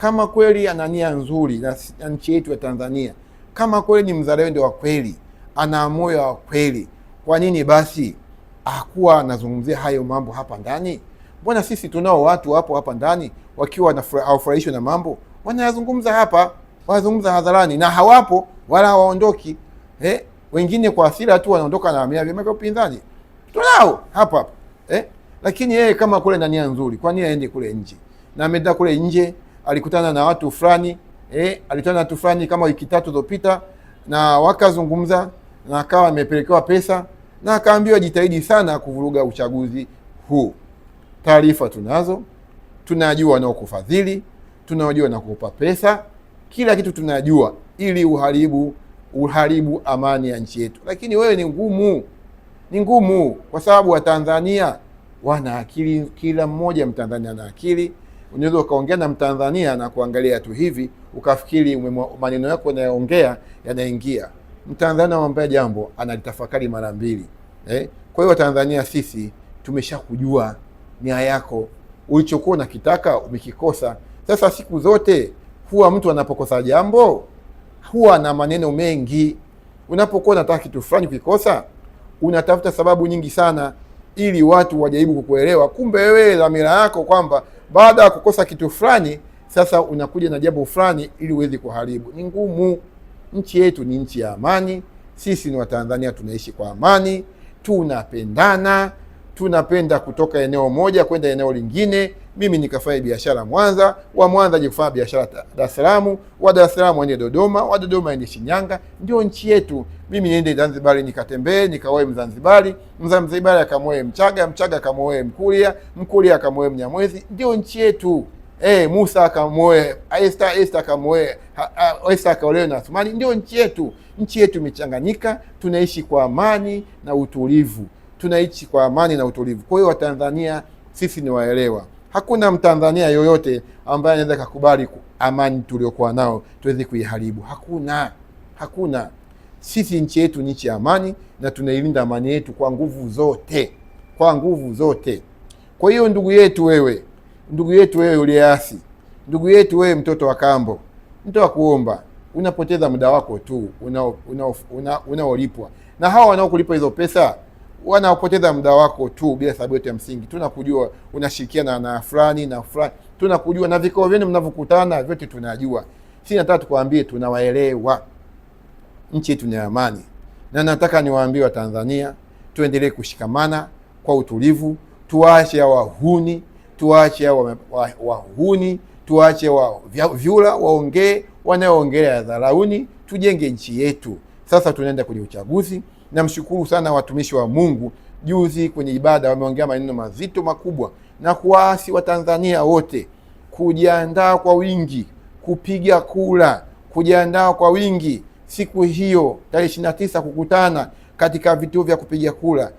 kama kweli ana nia nzuri na nchi yetu ya Tanzania, kama kweli ni mzalendo wa kweli, ana moyo wa kweli, kwa nini basi hakuwa anazungumzia hayo mambo hapa ndani? Mbona sisi tunao watu wapo hapa ndani wakiwa hawafurahishwi na mambo wanayazungumza hapa, wanazungumza hadharani na hawapo wala hawaondoki eh? Wengine kwa asira tu wanaondoka na vyama vya upinzani tunao hapa hapa eh? Lakini yeye kama kule na nia nzuri, kwa nini aende kule nje na ameenda kule nje alikutana na watu fulani eh, alikutana na watu fulani kama wiki tatu zilizopita, na wakazungumza na akawa amepelekewa pesa na akaambiwa jitahidi sana kuvuruga uchaguzi huu. Taarifa tunazo, tunajua wanaokufadhili, tunajua wanakupa pesa, kila kitu tunajua, ili uharibu uharibu amani ya nchi yetu. Lakini wewe ni ngumu, ni ngumu kwa sababu Watanzania wana akili, kila mmoja Mtanzania ana akili unaweza ukaongea na Mtanzania na kuangalia tu hivi ukafikiri maneno yako yanayoongea yanaingia. Mtanzania amwambia jambo analitafakari mara mbili eh? Kwa hiyo tanzania sisi tumeshakujua nia yako, ulichokuwa unakitaka umekikosa. Sasa siku zote huwa mtu anapokosa jambo huwa na maneno mengi. Unapokuwa unataka kitu fulani kukikosa unatafuta sababu nyingi sana ili watu wajaribu kukuelewa, kumbe wewe dhamira yako kwamba baada ya kukosa kitu fulani, sasa unakuja na jambo fulani ili uweze kuharibu. Ni ngumu. Nchi yetu ni nchi ya amani, sisi ni Watanzania, tunaishi kwa amani, tunapendana, tunapenda kutoka eneo moja kwenda eneo lingine mimi nikafanya biashara Mwanza, wa Mwanza aje kufanya biashara Dar es Salaam, wa Dar es Salaam Dodoma, wa Dodoma aende Shinyanga. Ndio nchi yetu. Mimi niende zanzibari nikatembee, nikaoe Mzanzibari, Mzanzibari akamwoe Mchaga, Mchaga akamwoe Mkuria, Mkuria akamwoe Mnyamwezi. Ndio nchi yetu. Hey, eh, Musa akamwoe akamwoe na Athumani. Ndio nchi yetu. Nchi yetu imechanganyika, tunaishi kwa amani na utulivu, tunaishi kwa amani na utulivu. Kwa hiyo Watanzania sisi ni waelewa. Hakuna Mtanzania yoyote ambaye anaweza kukubali amani tuliokuwa nao tuweze kuiharibu. Hakuna, hakuna. Sisi nchi yetu ni nchi ya amani, na tunailinda amani yetu kwa nguvu zote, kwa nguvu zote. Kwa hiyo ndugu yetu wewe, ndugu yetu wewe uliasi ndugu yetu wewe mtoto wa kambo, mtoto wa kuomba, unapoteza muda wako tu unaolipwa una, una, una na hawa wanaokulipa hizo pesa wanaopoteza muda wako tu bila sababu yote ya msingi. Tunakujua unashirikiana na fulani na fulani, tunakujua na vikao vyenu mnavyokutana vyote tunajua. Si nataka tukwambie, tunawaelewa. Nchi yetu ni amani, na nataka niwaambie Watanzania tuendelee kushikamana kwa utulivu, tuwaache wahuni, tuwaache wahuni, tuwaache wa vyula waongee, wanaoongelea dharauni, tujenge nchi yetu. Sasa tunaenda kwenye uchaguzi. Namshukuru sana watumishi wa Mungu, juzi kwenye ibada wameongea maneno mazito makubwa, na kuwaasi Watanzania wote kujiandaa kwa wingi kupiga kura, kujiandaa kwa wingi siku hiyo tarehe tisa kukutana katika vituo vya kupiga kura.